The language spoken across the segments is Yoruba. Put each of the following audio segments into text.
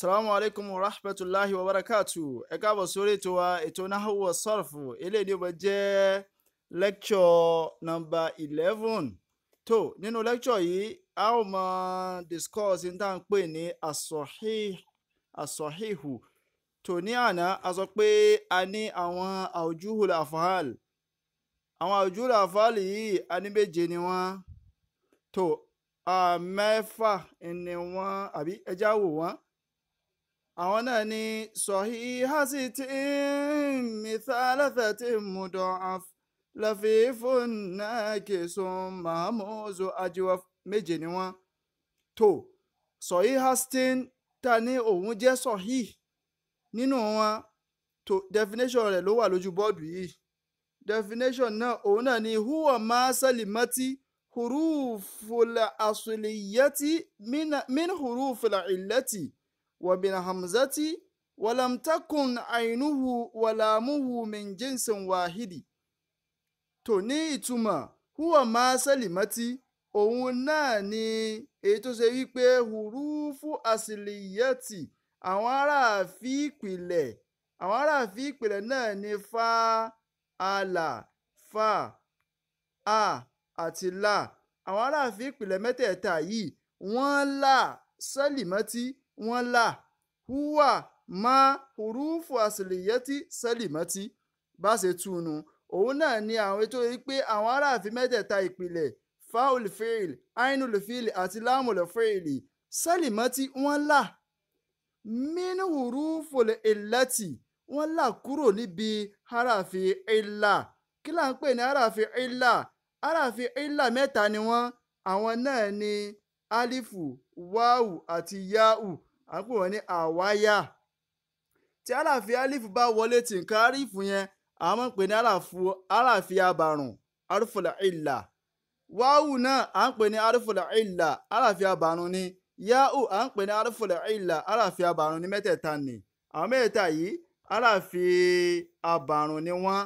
salamu alaikum wa rahmatulahi wa barakatu ẹ káàbọ̀ sórí ètò wa ètò Nahwu wa Sarfu eléyìí ni ó bá jẹ́ lecture number eleven tó nínú lecture yìí a ó mọ discuss ní tá à ń pè ní as-sahih as-sahihu tó ní àná a sọ pé a ní àwọn awjuhul af'al àwọn awjuhul af'al yìí a ní méje ni wọ́n tó mẹ́fà ni wọ́n àbí ẹja wò wọ́n àwọn náà ni sọ̀hí hásì tí mìtálàtà tí mùdọ̀ àfẹ́fẹ́fún náà kẹsàn mahamudu ajiwa méje ni wọ́n tó sọ̀hí hastin ta ní òun jẹ́ sọ̀hí nínú wọn tó definition rẹ̀ ló wà lójú bọ́ọ̀dù yìí definition náà òun náà ni huwa máa sálìmọ́tì hurufula asuliyati min hurufula ilati. وبن همزة ولم تكن عينه ولامه من جنس واحد tó ní ìtumọ̀ húwà máa sẹ́lìmọ́tì òun náà ni èyí tó ṣe wípé hurufu asiliyati àwọn aráàfin ìpìlẹ̀ àwọn aráàfin ìpìlẹ̀ náà ni fa àlà fa a àti la àwọn aráàfin ìpìlẹ̀ mẹ́tẹ̀ẹ̀ta yìí wọ́n là sẹ́lìmọ́tì wọ́n là húwà má hurufu àsìlìyẹ́tì sẹ́lìmọ́tì bá ṣe túnu òun náà ni àwọn ètò yìí pé àwọn aráàfin mẹ́tẹ̀ẹ̀ta ìpìlẹ̀ faul fail ainul fail àti lamul fail sẹ́lìmọ́tì wọ́n là min hurufu illati wọ́n là kúrò níbi aráàfin ìlà kí là ń pè ní aráàfin ìlà aráàfin ìlà mẹ́ta ni wọ́n àwọn náà ni alifu wáwù àti yáwù à ń pè wọ́n ní àwáyà tí aláàfin alifu bá wọlé tí nǹkan arifu yẹn àwọn máa ń pè ní aláàfin abàrùn arúfòlà ìlà wáwù náà à ń pè ní arúfòlà ìlà aláàfin abàrùn ni yáhù à ń pè ní arúfòlà ìlà aláàfin abàrùn ni mẹ́tẹ̀ẹ̀ta ni àwọn mẹ́tẹ̀ẹ̀ta yìí aláàfin abàrùn ni wọ́n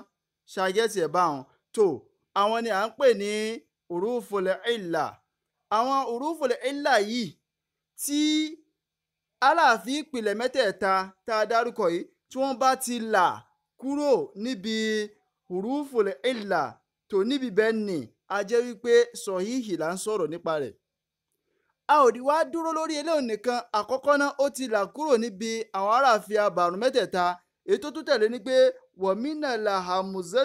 ṣàgẹ́tì ẹ̀ bá wọn tó àwọn ni à ń pè ní urúfòlà ìlà àwọn urúfòlà ìlà yìí tí aláàfin ìpìlẹ̀ mẹ́tẹ̀ẹ̀ta tá a dárúkọ yìí tí wọ́n bá ti là kúrò níbi hurufule ìlà tó níbi bẹ́ẹ̀ nì a jẹ́ wípé sọ̀híhì là ń sọ̀rọ̀ nípa rẹ̀. a ò ní wá dúró lórí eléyìí nìkan àkọ́kọ́ náà ó ti là kúrò níbi àwọn aráàfin abàrùn mẹ́tẹ̀ẹ̀ta èyí tó tún tẹ̀lé ni pé wọ̀mínà làhàmùzẹ́